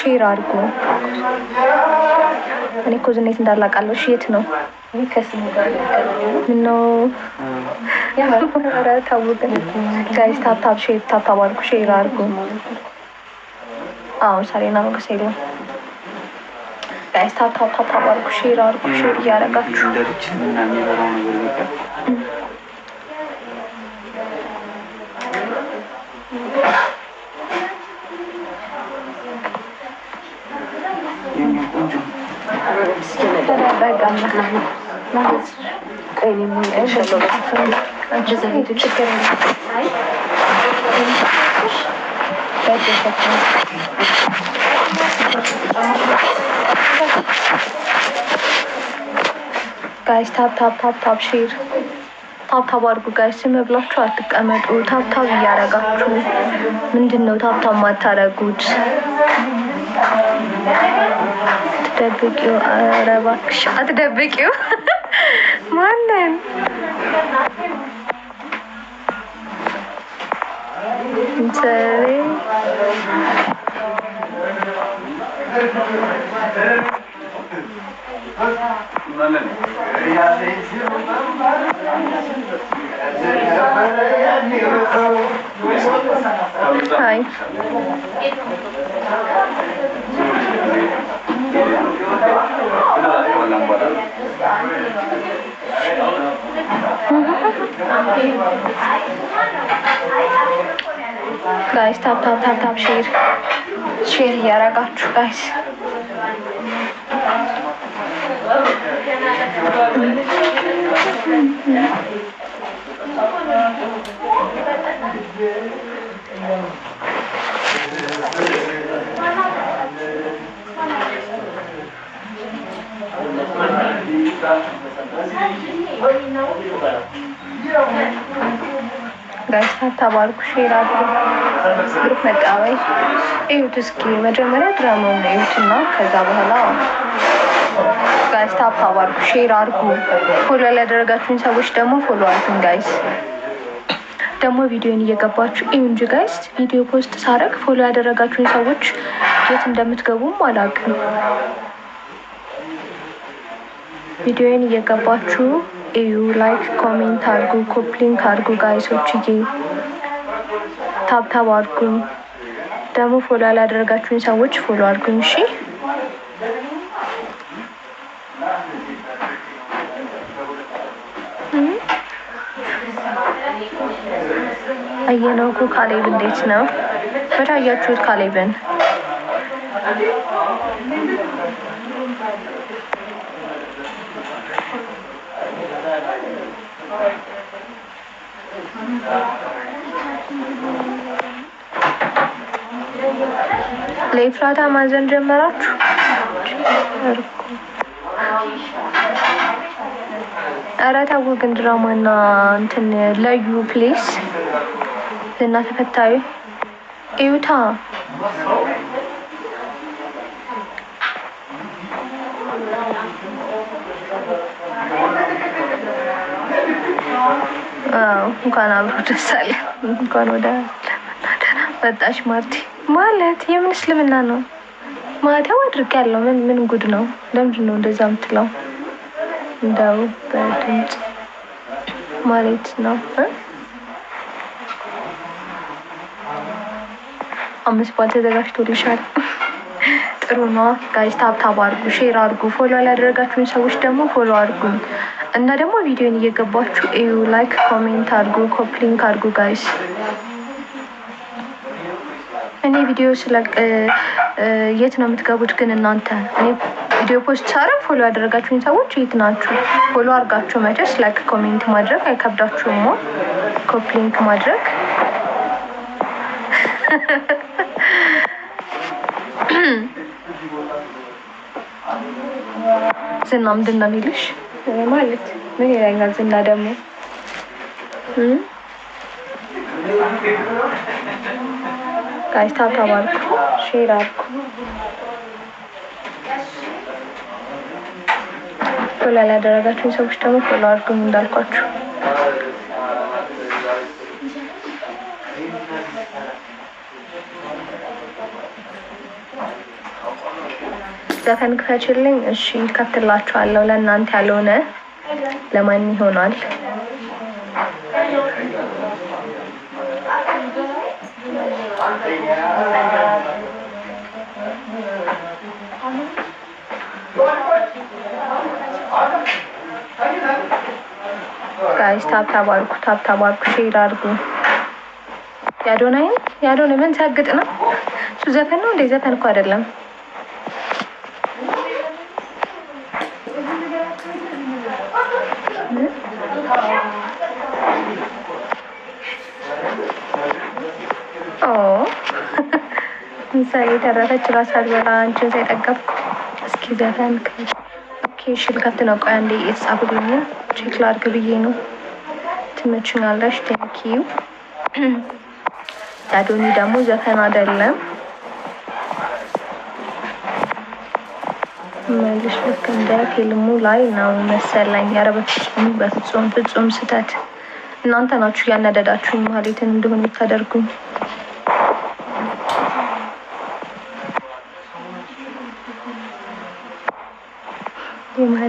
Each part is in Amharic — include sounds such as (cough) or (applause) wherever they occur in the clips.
ሼር አድርጎ እኔ እኮ ዝኔት እንዳላቃለሁ። የት ነው ጋይስ፣ ሼር አድርጉ፣ ሼር አድርጉ። አዎ የለም ጋይስ፣ አድርጉ፣ ሼር አድርጉ፣ ሼር እያደረጋችሁ ጋይስ ታፕ ታፕ ታፕ ታፕ ሼር ታፕ ታፕ አድርጉ ጋይስ። ዝም ብላችሁ አትቀመጡ። ታፕ ታፕ እያረጋችሁ ምንድን ነው ታፕ ታፕ ማታረጉት? አትደብቂው፣ ኧረ እባክሽ አትደብቂው። ማንን ሀይ Guys, tap tap tap tap şiir. Şiir yara kaç guys. Thank you. ጋይስ ታባርኩ ሼር አድርጉ፣ ግሩፕ እዩት። እስኪ መጀመሪያ ድራማውን እዩት እና ከዛ በኋላ ጋይስ ሼር አድርጉ። ፎሎ ያላደረጋችሁኝ ሰዎች ደግሞ ፎሎ አድርጉኝ ጋይስ። ደግሞ ቪዲዮን እየገባችሁ እዩ እንጂ ጋይስ። ቪዲዮ ፖስት ሳረግ ፎሎ ያደረጋችሁኝ ሰዎች የት እንደምትገቡም አላውቅም። ቪዲዮዬን እየገባችሁ እዩ። ላይክ ኮሜንት አድርጉ፣ ኮፕሊንክ ጋይሶች ጋይሶችዬ፣ ታብታብ አድርጉኝ። ደግሞ ፎሎ ያላደረጋችሁኝ ሰዎች ፎሎ አርጉኝ። እሺ። አየነው እኮ ካሌብ እንዴት ነው? መቼ ካሌብን? ለኤፍራታ ማዘን ጀመራችሁ። ኧረ ተው ግን ድራማና እንትን ለዩ ፕሌስ እና ተከታዩ እዩታ እንኳን አብሮ ደስ አለ። እንኳን ወደ ደህና መጣሽ ማርቲ። ማለት የምን እስልምና ነው? ማተው አድርግ ያለው ምን ምን ጉድ ነው? ለምንድን ነው እንደዛ የምትለው? እንደው በድምፅ ማለት ነው። አምስት ባል ተዘጋጅቶልሻል። ጥሩ ነው ጋይስ። ታብታብ አድርጉ፣ ሼር አድርጉ። ፎሎ ያላደረጋችሁን ሰዎች ደግሞ ፎሎ አድርጉኝ። እና ደግሞ ቪዲዮን እየገባችሁ እዩ፣ ላይክ ኮሜንት አድርጉ፣ ኮፕሊንክ አድርጉ ጋይስ። እኔ ቪዲዮ ስለ የት ነው የምትገቡት ግን እናንተ? እኔ ቪዲዮ ፖስት ሳረ ፎሎ ያደረጋችሁኝ ሰዎች የት ናችሁ? ፎሎ አድርጋችሁ መድረስ፣ ላይክ ኮሜንት ማድረግ አይከብዳችሁም። ሞ ኮፕሊንክ ማድረግ ዝና ምንድን ነው የሚልሽ? ማለት ምን ይለኛል? ዝና ደግሞ ጋይታ ተባልኩ፣ ሼር አልኩ ቶላ ላደረጋችሁ ሰዎች ደግሞ ቶላ አድርጉም እንዳልኳችሁ ዘፈን ክፈችልኝ። እሺ ከፍትላችኋለሁ። ለእናንተ ያልሆነ ለማን ይሆናል? ጋይስ ታብታብ አድርጉ፣ ታብታብ አድርጉ፣ ሼር አድርጉ። ያዶናይን ያዶናይ ምን ሲያግጥ ነው እሱ ዘፈን ነው እንዴ? ዘፈን እኮ አይደለም። ምሳሌ የተረፈች ራስ አልበላ አንቺን ሳይጠገብኩ እስኪ ዘፈን ሽል ከፍት ነው። ቆይ አንዴ የተጻፉልኝ ቼክ ላድርግ ብዬ ነው። ትመችኛለሽ። ቴንኪዩ ያዶኒ (clears throat) ደግሞ ዘፈን አይደለም መልሽ። ልክ እንደ ፊልሙ ላይ ነው መሰለኝ። ኧረ በፍጹም በፍጹም ፍጹም ስህተት። እናንተ ናችሁ ያናደዳችሁኝ፣ ማህሌትን እንደሆነ የምታደርጉኝ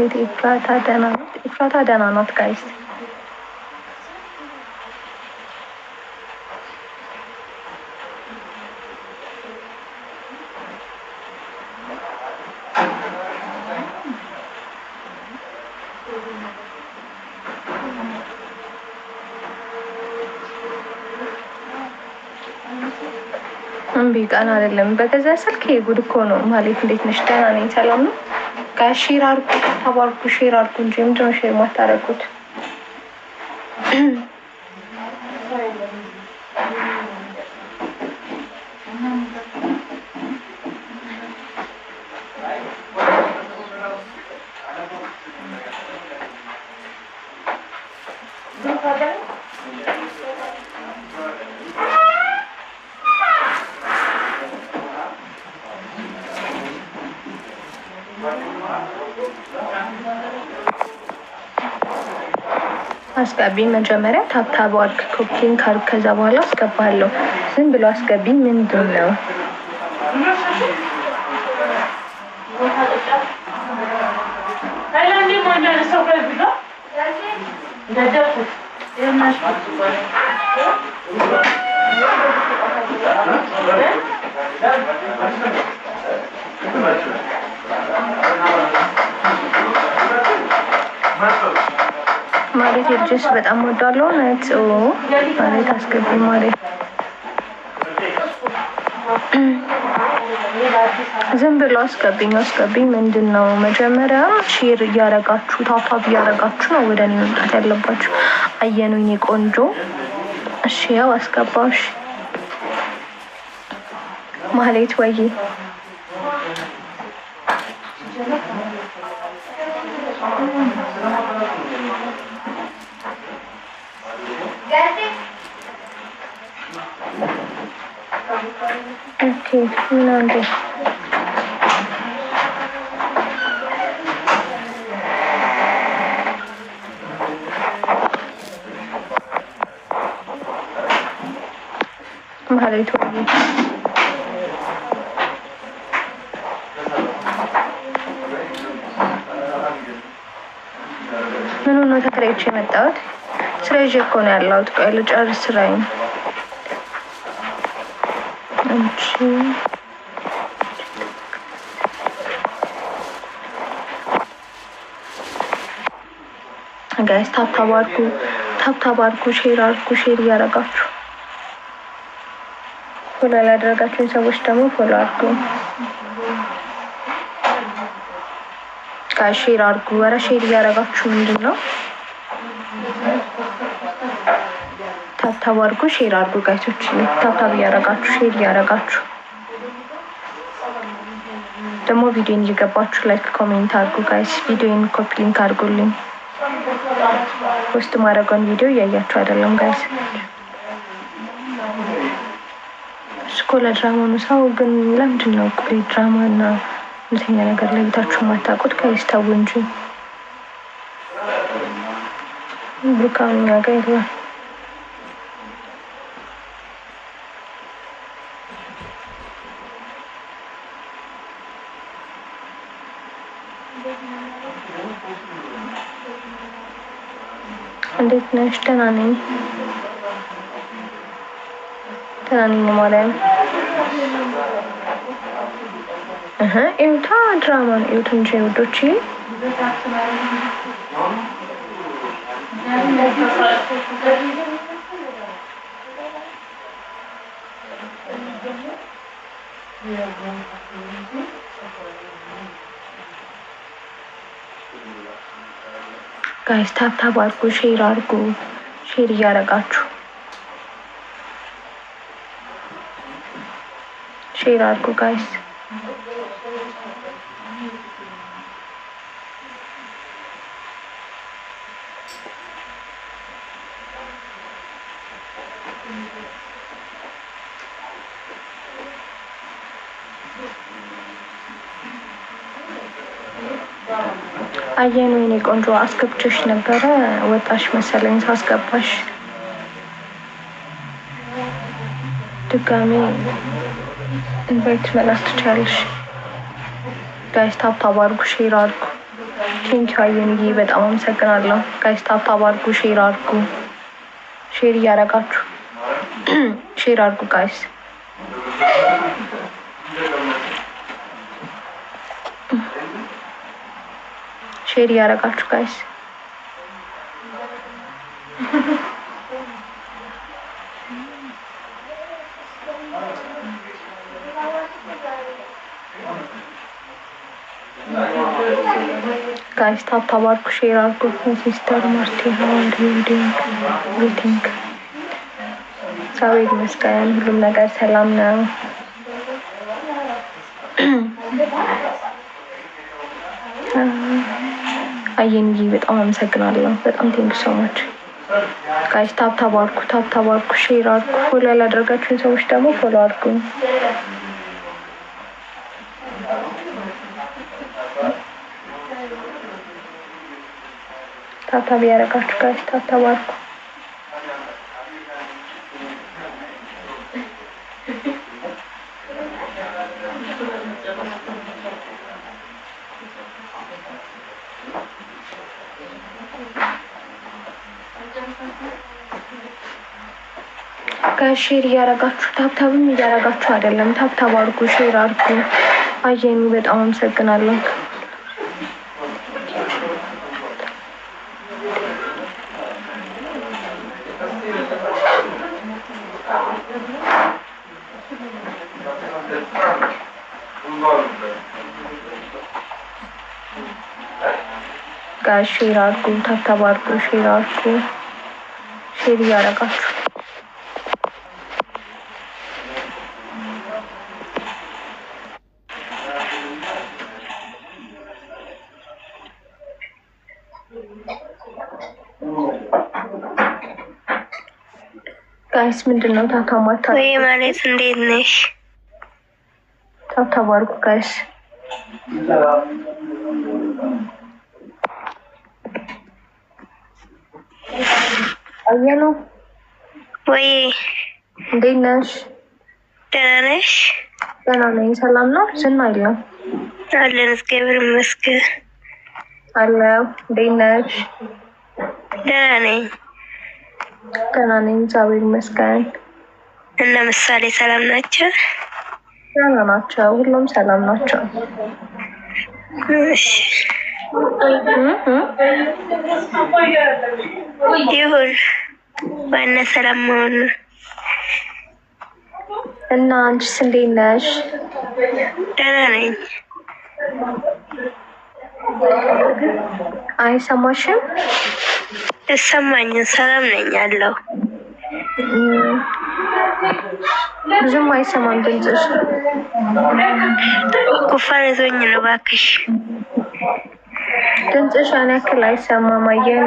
እንዴት ኤፍራታ ደህና ናት? ኤፍራታ ደህና ናት ጋይስ። እምቢ ቀን አይደለም። በገዛ ስልክ ጉድ እኮ ነው ማለት። እንዴት ነሽ? ደህና ነኝ። ሰላም ነው ጋሽ ራርኩ تبار کشی را کنجیم جان شیر محتره አስገቢኝ። መጀመሪያ ታብታበዋል ኮፒን ካሉ ከዛ በኋላ አስገባለሁ። ዝም ብሎ አስገቢኝ። ምንድን ነው Thank ማለት የልጆች በጣም ወዳለው እውነት ማለት አስገቢ ማለት ዝም ብሎ አስገቢኝ አስገቢኝ። ምንድን ነው መጀመሪያ ሼር እያረጋችሁ ታፋብ እያረጋችሁ ነው ወደ እኔ መምጣት ያለባችሁ። አየኑኝ ቆንጆ። እሺ ያው አስገባሽ ማለት ወይ ኦኬ ምን አንዴ ነው ተከራይቼ የመጣሁት? ስራ ይዤ እኮ ነው ያለሁት። ቆይ ልጨርስ ስራዬን እንቺ ጋይስ ታብታብ አድርጉ፣ ታብታብ አድርጉ፣ ሼር አድርጉ፣ ሼር እያደረጋችሁ ፎሎ ያላደረጋችሁን ሰዎች ደግሞ ፎሎ አድርጉ። ጋይስ ሼር አድርጉ፣ ኧረ ሼር እያደረጋችሁ ምንድን ነው ታብታብ አድርጉ፣ ሼር አድርጉ ጋይቶች። ታብታብ እያረጋችሁ ሼር እያረጋችሁ ደግሞ ቪዲዮን እየገባችሁ ላይክ ኮሜንት አድርጉ ጋይስ። ቪዲዮን ኮፒ ሊንክ አድርጉልኝ። ውስጥ ማድረገውን ቪዲዮ እያያችሁ አይደለም ጋይስ። እስኮ ድራማ ነው ሰው ግን ለምንድን ነው ቆይ ድራማ እና እውነተኛ ነገር ለይታችሁ የማታውቁት ጋይስ? ተው እንጂ ብሩክ እኛ ጋር የለም። next ಟನಾನಿ ಟನಾನಿ ಮರೆ एउटा ड्रामा एउटा हुन्छ एउटा चाहिँ Thank you. gaiztaptabarku xerarku xeriyarakachu. Xerarku guys. Thank you. አየን ወይኔ ቆንጆ አስገብቼሽ ነበረ ወጣሽ መሰለኝ ሳስገባሽ ድጋሜ ኢንቫይት መላክ ትችያለሽ ጋይስ ታብታብ አድርጉ ሼር አድርጉ ቴንኪው አየንዬ በጣም አመሰግናለሁ ጋይስ ታብታብ አድርጉ ሼር አድርጉ ሼር እያደረጋችሁ (clears throat) ሼር አድርጉ ጋይስ शेर यारा काट चुका है guys tap tap artık şey artık bu isterim artık her reading everything. Sorry guys, I'm gonna guys salam now. አየን ይ በጣም አመሰግናለሁ። በጣም ቴንክ ሰማች ጋይስ። ታብታብ አድርጉ፣ ታብታብ አድርጉ፣ ሼር አድርጉ። ፎሎ ያላደረጋችሁን ሰዎች ደግሞ ፎሎ አድርጉኝ። ታብታብ ያደረጋችሁ ጋይስ ታብታብ አድርጉ። ሼር እያረጋችሁ ታብታብም እያረጋችሁ አይደለም፣ ታብታብ አድርጉ፣ ሼር አድርጉ። አየኑ በጣም አመሰግናለሁ። ጋር ሼር አድርጉ፣ ታብታብ አድርጉ፣ ሼር አድርጉ፣ ሼር እያረጋችሁ Guys, mi dun ta ta mar ta. Wei mare sendiri nish. Ta ta mar guys. Ayano. Wei. Dinash. Dinash. Ben anneyi selamla, sen ayrıla. Alırız gevirim eski. Alo, Dinash. Dinash. ደህና ነኝ፣ እግዚአብሔር ይመስገን። እነ ምሳሌ ሰላም ናቸው? ደህና ናቸው፣ ሁሉም ሰላም ናቸው። ይሁን ዋና ሰላም መሆኑ ነው። እና አንቺስ እንዴት ነሽ? ደህና ነኝ። አይሰማሽም? የተሰማኝን ሰላም ነኝ አለው። ብዙም አይሰማም ድምፅሽ። ጉንፋን ይዞኝ ነው እባክሽ ድምፅሽ ያን ያክል አይሰማም። አየኑ